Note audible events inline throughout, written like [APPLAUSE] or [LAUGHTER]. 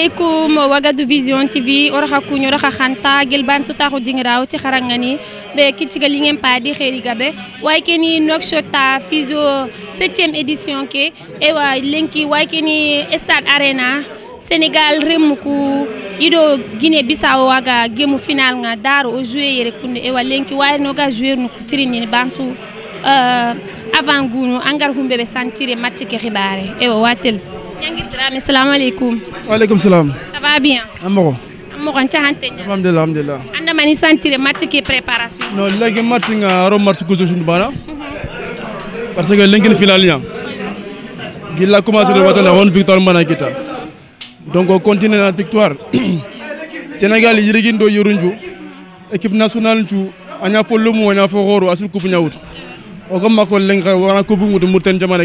aleykum wagadu vision tv ora xa kuñ ora xa xanta gel ban so taxu dingiraw ci xarangani be kitiga li ngem pa di xeri gabe way keni nokshota fizo 7e edition ke e wa lenki way keni stade arena senegal remuku ido guinée bissau waga gemu final nga daro o jouer yere kunde e wa lenki way no ga jouer no kutirini ban su uh, avant gunu angar humbe be santire match ke xibare e wa watel Yang Dramé salaam aleykum waaleykum salaam ça va bien amako amako cahanteña anda mani sentire match ki No. non lengi match nga ro match ko josun bana parce que lengi final ya gilla commencé de watana won mana kita donc on continue la victoire [CLEARS THROAT] sénégal yirigin do yorunju équipe nationale ju anya fo lomu anya fo horo asul coupe nyawut o gam mako lengi wana coupe mutu murten jamana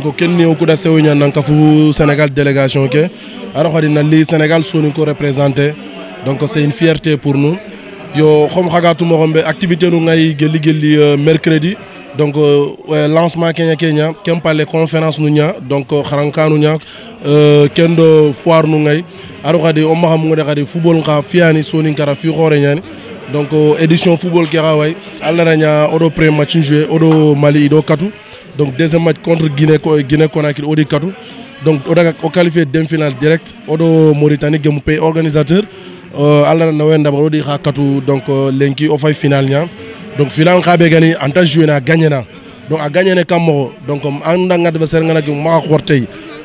donc kenni o kuɗa sewoña nanka fo sénégal délégation ke aɗa xadi na li sénégal soni ko représenter donc c'est une fierté pour nous yo xom xagatumoxon ɓe activité nu ngay gelli gelli mercredi donc euh, lancement kenya kenya ken pale conférence nu ña donc xarankanu euh, ña euh, ken ɗo foire nu ngay aɗo xadi o nga xadi football fiani fiyani kara fi xoore ñani donc édition football ke xa way a laraña oɗo pré match joué oɗo mali do katou donc deuxième match contre Guinée, Guinée Conakry Odi Kadou. Donc on a qualifié d'un finale direct. Odo Mauritanie qui est organisateur. Euh, Allah Nawen d'abord di Kadou donc euh, au final. Donc finalement, on a gagné en tant que joueur gagné donc a gagné le camor, donc en adversaire ngana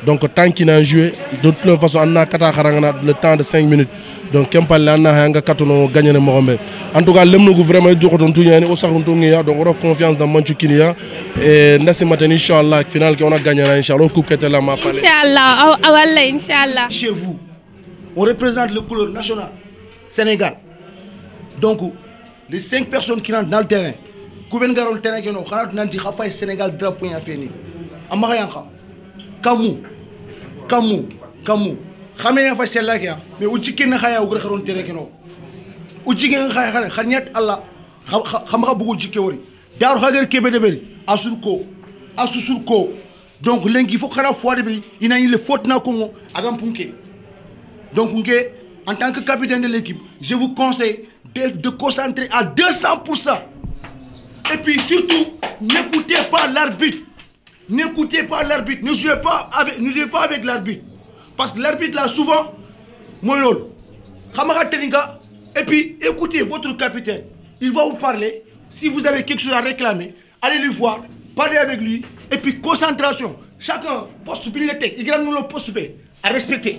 donc tant a joué de toute façon le temps de 5 minutes donc on a gagné le gagner en tout cas le vraiment est on a donc confiance dans le kiniya Et, inchallah final a gagné la inchallah coupe inchallah inchallah chez vous on représente le couleur national Sénégal donc les 5 personnes qui rentrent dans le terrain kuvengarol tenekeno xana tunanti xa fay sénégal drapeau a feni a maxayan xa kamu kamu kamu xamene fa sella ke mais u jikken xaya ugur xaron tenekeno u jikken xaya xare xan Allah alla xam xa bugu jikke wori daru xagar kebe de beri asur ko asusur ko donc lengi fo xana foi de beri ina ni le faute na kongo agam punke donc ngé en tant que capitaine de l'équipe je vous conseille de, de concentrer à 200 et puis surtout, n'écoutez pas l'arbitre. N'écoutez pas l'arbitre. Ne jouez pas avec, ne pas avec l'arbitre. Parce que l'arbitre, là, souvent, moi, Et puis, écoutez votre capitaine. Il va vous parler. Si vous avez quelque chose à réclamer, allez le voir, parlez avec lui. Et puis, concentration. Chacun, poste bibliothèque, il nous le poste à respecter.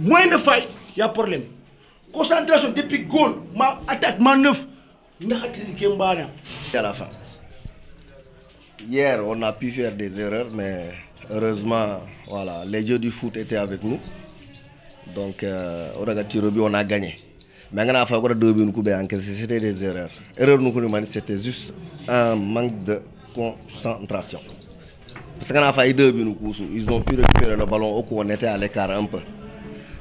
Moins de failles, il y a problème. Concentration depuis goal, ma attaque, ma neuf. C'est la fin. Hier, on a pu faire des erreurs, mais heureusement, voilà, les dieux du foot étaient avec nous. Donc, euh, on a on a gagné. Mais on a fait deux c'était des erreurs. c'était juste un manque de concentration. Parce qu'on a fait deux buts, ils ont pu récupérer le ballon au coup, on était à l'écart un peu.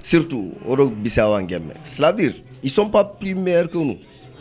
Surtout, on a fait erreurs. C'est-à-dire, ils ne sont pas plus meilleurs que nous.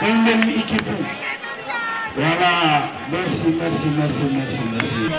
gagne leen équipe voilà merci merci merci merci merci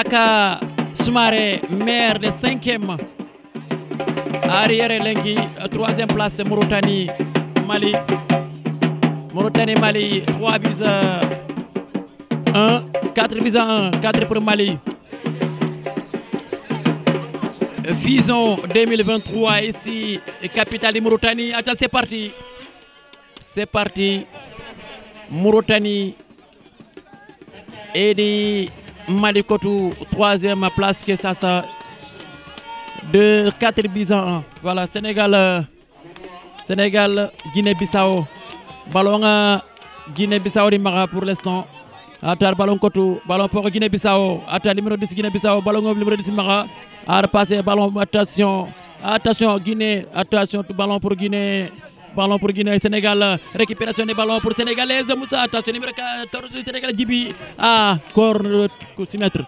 aka Sumare, maire de 5ème. cinquième Arrière Lengi 3e place c'est Mali Mauritanie Mali 3 buts 1 4 buts 1 4 pour Mali Vision 2023 ici capitale de Mauritanie attends c'est parti c'est parti Mauritanie et Malikotou, troisième place ça de 4 bis 1. Voilà, Sénégal, euh, Sénégal, Guinée-Bissau. Ballon à euh, Guinée-Bissau Rimara pour l'instant. Atar ballon Kotou, ballon pour Guinée-Bissau. Attends, numéro 10 Guinée-Bissau, ballon numéro 10 Mara. À repasser, ballon, attention, attention, Guinée, attention, tout ballon pour Guinée ballon pour Guinée Sénégal récupération des ballons pour Sénégalais Moussa attention numéro 14 Sénégal Djibi Ah, corps euh, mètres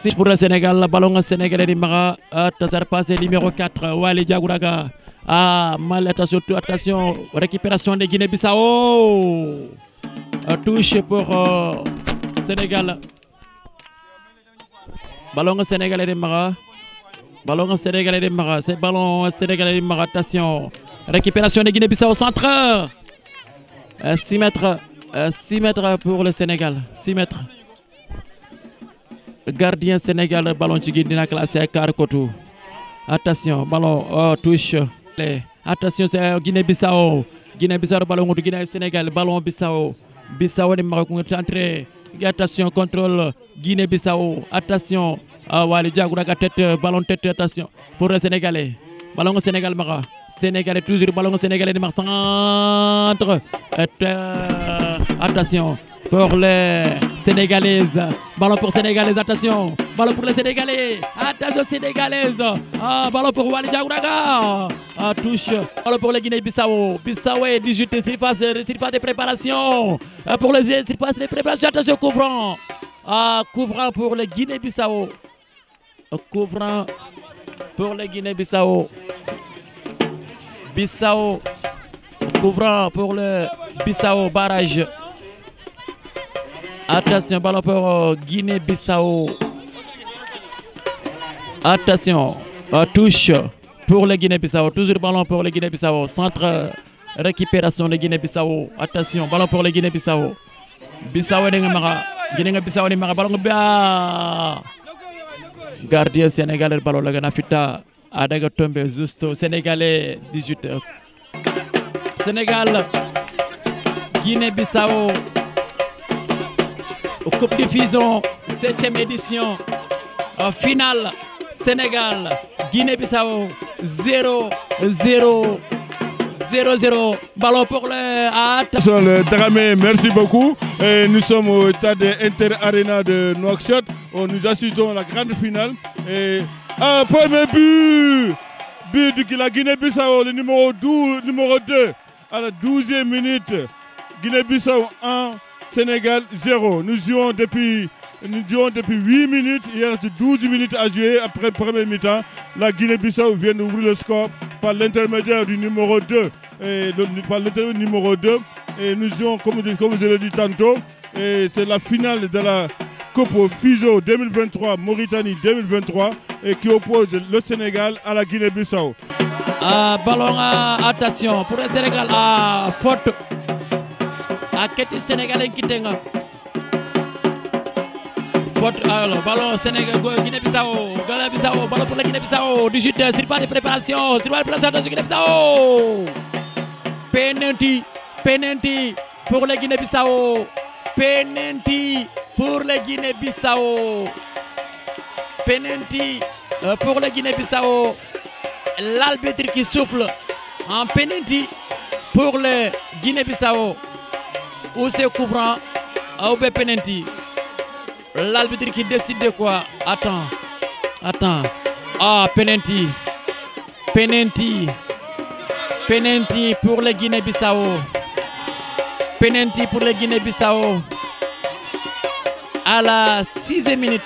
c'est euh, pour le Sénégal ballon sénégalais de maxa euh, tasar passé numéro 4 Walid Diagouraga ah mal attention attention récupération de Guinée-Bissau touche pour Sénégal ballon sénégalais de maxa ballon sénégalais de maxa c'est ballon sénégalais de maxa attention Récupération de Guinée-Bissau au centre. 6 euh, mètres. 6 euh, mètres pour le Sénégal. 6 mètres. Gardien Sénégal, ballon de Guinée classé à Attention, ballon oh, touche. Attention, c'est Guinée-Bissau. Guinée-Bissau, ballon de Guinée-Sénégal, ballon Bissau. Bissau, Maroc entré. Attention, contrôle Guinée-Bissau. Attention, ah, ouais, le tête, ballon tête, attention. Pour le Sénégalais, ballon au Sénégal, Maroc. Sénégalais, toujours ballon au sénégalais de centre. Euh, attention pour les Sénégalaises. Ballon pour Sénégalaises, attention. Ballon pour les Sénégalais. Attention Sénégalaises. Ah, ballon pour Wali Diagouraga. Ah, touche. Ballon pour les Guinée-Bissau. Bissau est 18, S'il passe, des préparations. Ah, pour les s'il passe les préparations. Attention, couvrant. Ah, couvrant pour les Guinée-Bissau. Couvrant pour les Guinée-Bissau. Bissau. Couvrant pour le Bissau barrage. Attention, ballon pour euh, Guinée-Bissau. Attention, euh, touche pour le Guinée-Bissau. Toujours ballon pour le Guinée-Bissau. Centre euh, récupération de Guinée-Bissau. Attention, ballon pour le Guinée-Bissau. Bissau est mara. Guinée-Bissau est mara. Ballon bien. Gardien sénégalais, ballon la Ganafita. Adagatombe tombe justo sénégalais 18 h sénégal guinée bissau coupe 7ème édition finale sénégal guinée bissau 0 0 0-0. Ballon pour le hâte. Le euh, Dramé, merci beaucoup. nous sommes au stade Inter Arena de Nouakchott. Nous assistons à la grande finale. Un premier but But de la Guinée-Bissau, le numéro 12, numéro 2, à la 12e minute. Guinée-Bissau 1, Sénégal 0. Nous jouons depuis, nous depuis 8 minutes. Il reste 12 minutes à jouer après le premier mi-temps. La Guinée-Bissau vient d'ouvrir le score par l'intermédiaire du numéro 2. Et numéro 2. Et nous jouons, comme, comme je l'ai dit tantôt, et c'est la finale de la Copo Fijo 2023, Mauritanie 2023 et qui oppose le Sénégal à la Guinée-Bissau. Ah, ballon à attention pour le Sénégal à ah, faute. À Kéti Sénégalais qui tenga. Faute alors ballon Sénégal Guinée-Bissau, Guinée-Bissau, ballon pour la Guinée-Bissau, 18 c'est pas de préparation, c'est pas de préparation de Guinée-Bissau. Penalty, penalty pour la Guinée-Bissau. Penenti pour le Guinée-Bissau. Penenti euh, pour le Guinée-Bissau. L'arbitre qui souffle en penenti pour le Guinée-Bissau. Ou c'est couvrant ou euh, penenti. L'arbitre qui décide de quoi Attends. Attends. Ah, penenti. Penenti. Penenti pour le Guinée-Bissau. Penalty pour les Guinée-Bissau à la sixième minute.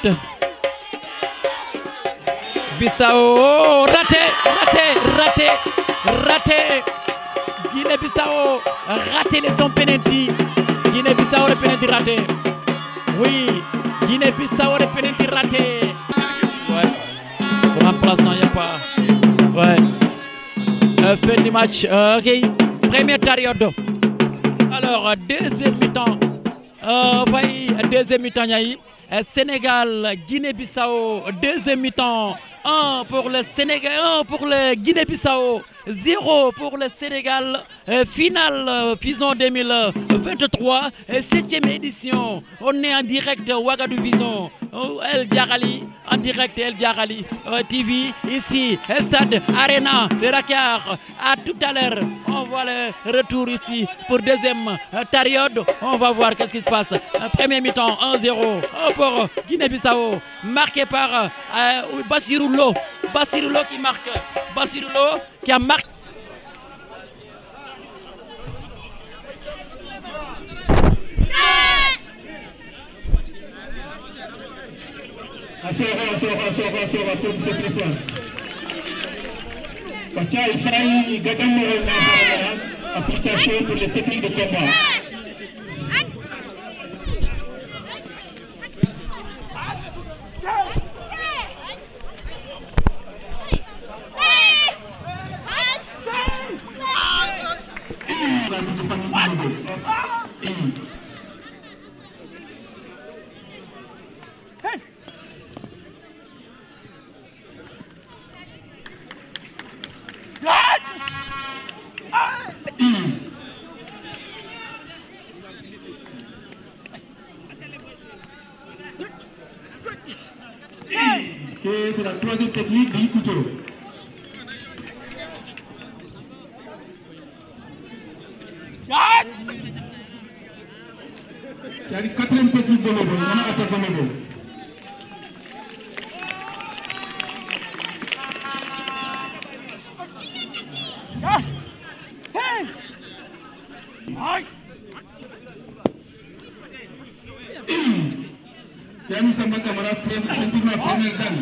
Bissau, oh, raté, raté, raté, raté. Guinée-Bissau, raté de son penalty. Guinée-Bissau, le penalty raté. Oui, Guinée-Bissau, le penalty raté. Ouais. Remplaçant, il n'y a pas. Ouais. Euh, fin du match. Euh, ok, première période alors euh, deuxième mi-temps fay euh, deuxième mi-temps euh, Sénégal Guinée-Bissau deuxième mi-temps un pour le Sénégal un pour le Guinée-Bissau zéro pour le Sénégal finale Fison 2023 septième édition on est en direct Ouagadou Vision El Diarali en direct El Diarali TV ici stade Arena de Dakar à tout à l'heure voilà, le retour ici pour deuxième euh, période. On va voir qu'est-ce qui se passe. Euh, premier mi-temps, 1-0 pour euh, Guinée-Bissau, marqué par Bassiroulo. Bassiroulo qui marque. Bassiroulo qui a marqué. Wachai Gadam application pour les techniques de combat. Thank you. Kami sambang kamera pun sentuh apa pun dan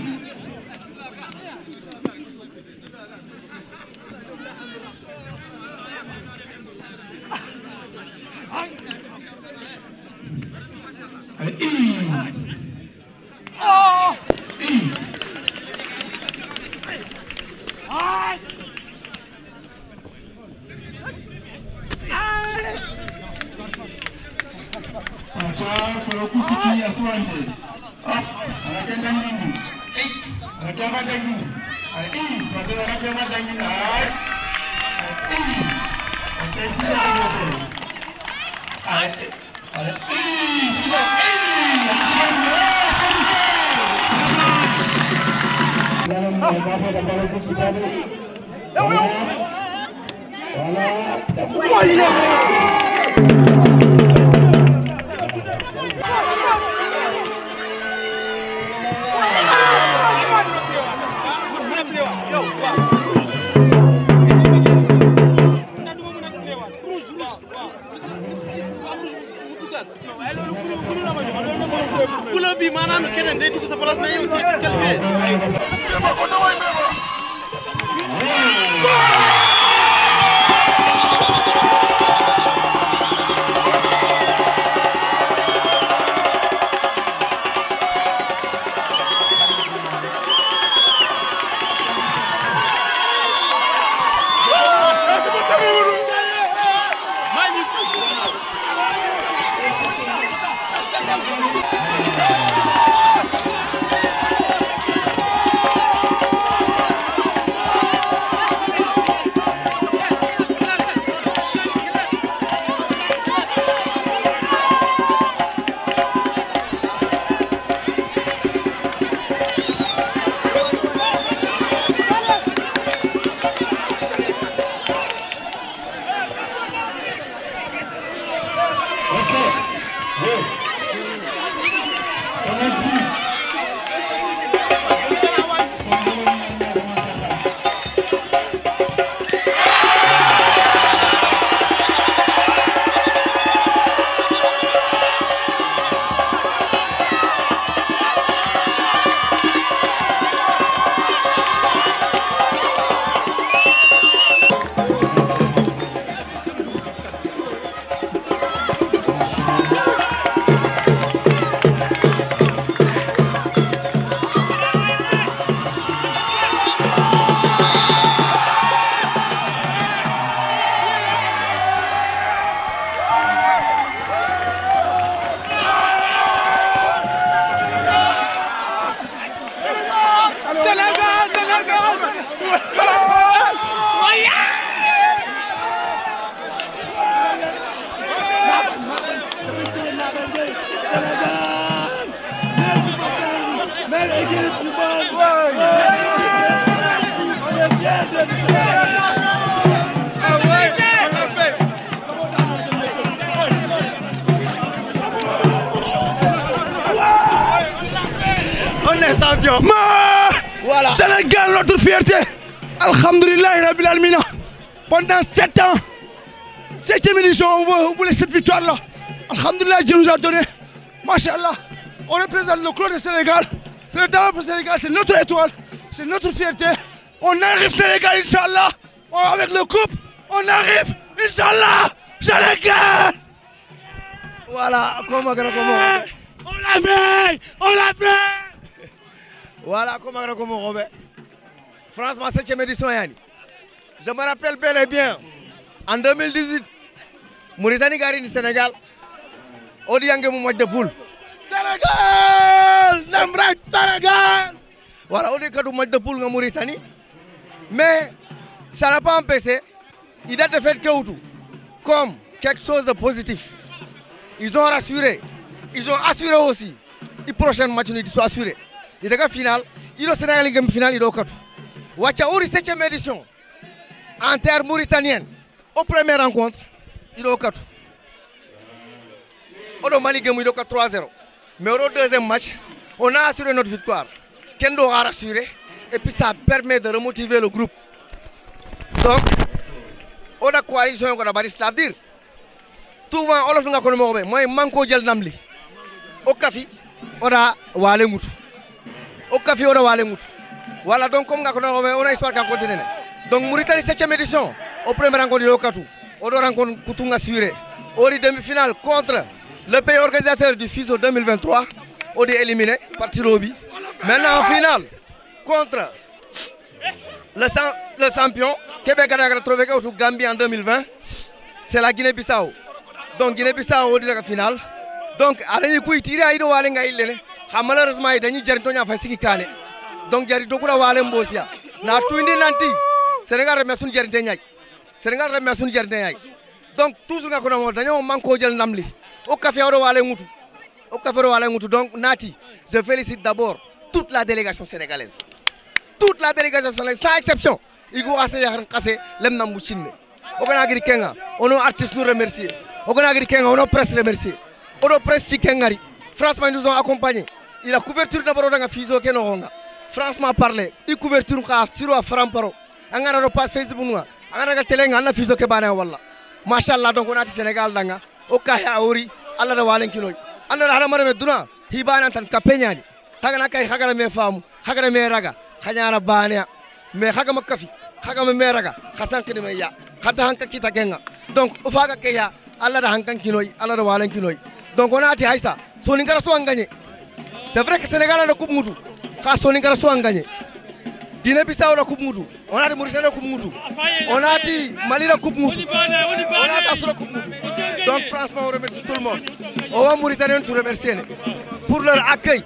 couleur bi maanaam keneen day dugg sa place mais yow tu es disqualifié Woo! champion. la voilà notre fierté. Alhamdulillah Rabbil Almina. Pendant 7 ans, 7 émission, on voulait cette victoire là. Alhamdulillah Dieu nous a donné. Machallah, on représente le club de Sénégal. C'est le pour le Sénégal, c'est notre étoile, c'est notre fierté. On arrive Sénégal, Inch'Allah. Oh, avec le couple, on arrive, Inch'Allah, Sénégal. Voilà, comment, comment, comment. On l'a fait On l'a fait voilà comment on Robert. France, ma 7 édition, Je me rappelle bel et bien, en 2018, Mauritanie Garine du Sénégal. Odiangé un match de poule. Sénégal Namrak Sénégal Voilà, on est match de poule en Mauritanie. Mais ça n'a pas empêché. Il a de fait tout, comme quelque chose de positif. Ils ont rassuré. Ils ont assuré aussi. Les prochaines matchs, ils sont assurés. Il idaga final iɗo sénégal il final au katu wacca 7 cette édition en terre mauritanienne au premier rencontre il iɗo On a mali gemi iɗo 3 0 mais au deuxième match on a assuré notre victoire ken a rassuré et puis ça permet de remotiver le groupe donc on a coalition la mbaɗi cest à dire souvent olofnga kono moi, moye manque o Au namli on kafi on a ngutu au café ona wale Voilà, donc comme on a une histoire ka continue donc Mauritanie 7 ème édition au premier rencontre au Katou on rencontré rencontre Koutunga On au demi-finale contre le pays organisateur du FISO 2023 on est éliminé par Tirobi maintenant en finale contre le, le champion Québec a trouvé au Gambie en 2020 c'est la Guinée-Bissau donc Guinée-Bissau au la finale donc allez y tirer à Ido Walenga il ha malheureusement e dañi jari toña fay sigi kane donc jari dogura walé mbosiya na tuyndi nanti sénégal reme sun jari teñay sénégal reme sun jari teñay donc toujours nga kono dañu manko jël namli au café wala wale ngutu au café wala ngutu donc nati je félicite d'abord toute la délégation sénégalaise toute la délégation sénégalaise sans exception igo ase yaran kase lemna mucinne ogana gri kenga ono artiste nous remercier ogana gri kenga ono presse remercier ono presse ci kengari franchement ils nous ont accompagnés a couverture d'abord nga fiso ke nogonga franchement parler i couverture ka siro a framparo angara no pass facebook nga angara ga telenga na fiso ke bana walla machallah donc onati sénégal danga o ka ha ori alla da walen kilo alla da hada marame duna hibana tan kapenyani tagana kay hagara me famu hagara me raga khanyana bana me haga makafi haga me raga khasan kini me ya khata hanka kita kenga donc o faga ke ya alla da hankan kilo alla da walen kilo donc onati haisa so so anganye C'est vrai que Sénégal a la Coupe Moudou. Khassoni Garasou a gagné. Guinée-Bissau la Coupe Moudou. On a a dit onaati Mali la dit dit, donc franchement on remercie tout le monde on va on hein. pour leur accueil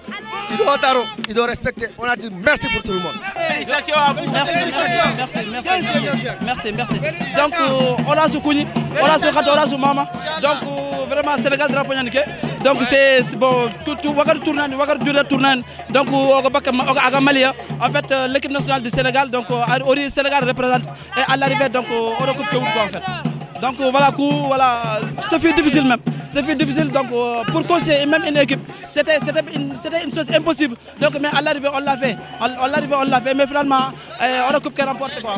ils doivent respecter on a dit merci pour tout le monde merci merci merci merci merci donc euh, on a soukuni on a soukato on a soumama donc euh, vraiment Sénégal drapeau donc c'est bon tout donc euh, hein. en fait l'équipe nationale du Sénégal donc le Sénégal représente et à l'arrivée donc euh, on recoupe fait. Donc euh, voilà coup, voilà, ce fait difficile même. c'est fait difficile donc euh, pour conseiller même une équipe. C'était une, une, chose impossible. Donc mais à l'arrivée on l'a fait. On, l'arrivée on l'a fait mais finalement on recoupe qui remporte quoi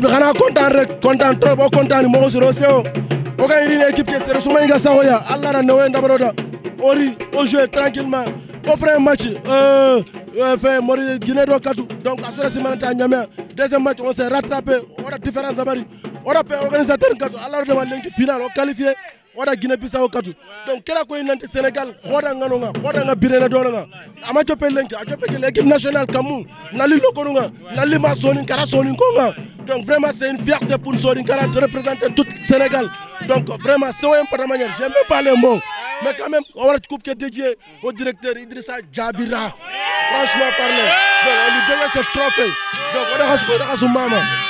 bi xanaa kontaan rek kontaan trop o kontaan moxo suro seo o ga irin équipe ke sere sumayiga saxoya a lara newoye ndabaroda o ri o joué tranquillement au premier match euh, euh, fait mori guinée do katu donc a sore simanata ñamea deuxième match on s'est rattrapé oɗa différence a ɓari oɗa pe organisateur katu a larodema lenki final o qualifié wada guinée bissau katu donc kera koye nante sénégal hoɗanganonga hoɗanga birene dononga ama cope lenki a cope gel équipe national kammu nali lokonunga nali ma sonin kara sonin konga Donc vraiment, c'est une fierté pour nous, Sorinkara, de représenter tout le Sénégal. Donc vraiment, c'est une de manière. Je même pas les mots. Mais quand même, on va coupe dédié au directeur Idrissa Djabira. Franchement parler. Donc on lui donne ce trophée. Donc on a son maman.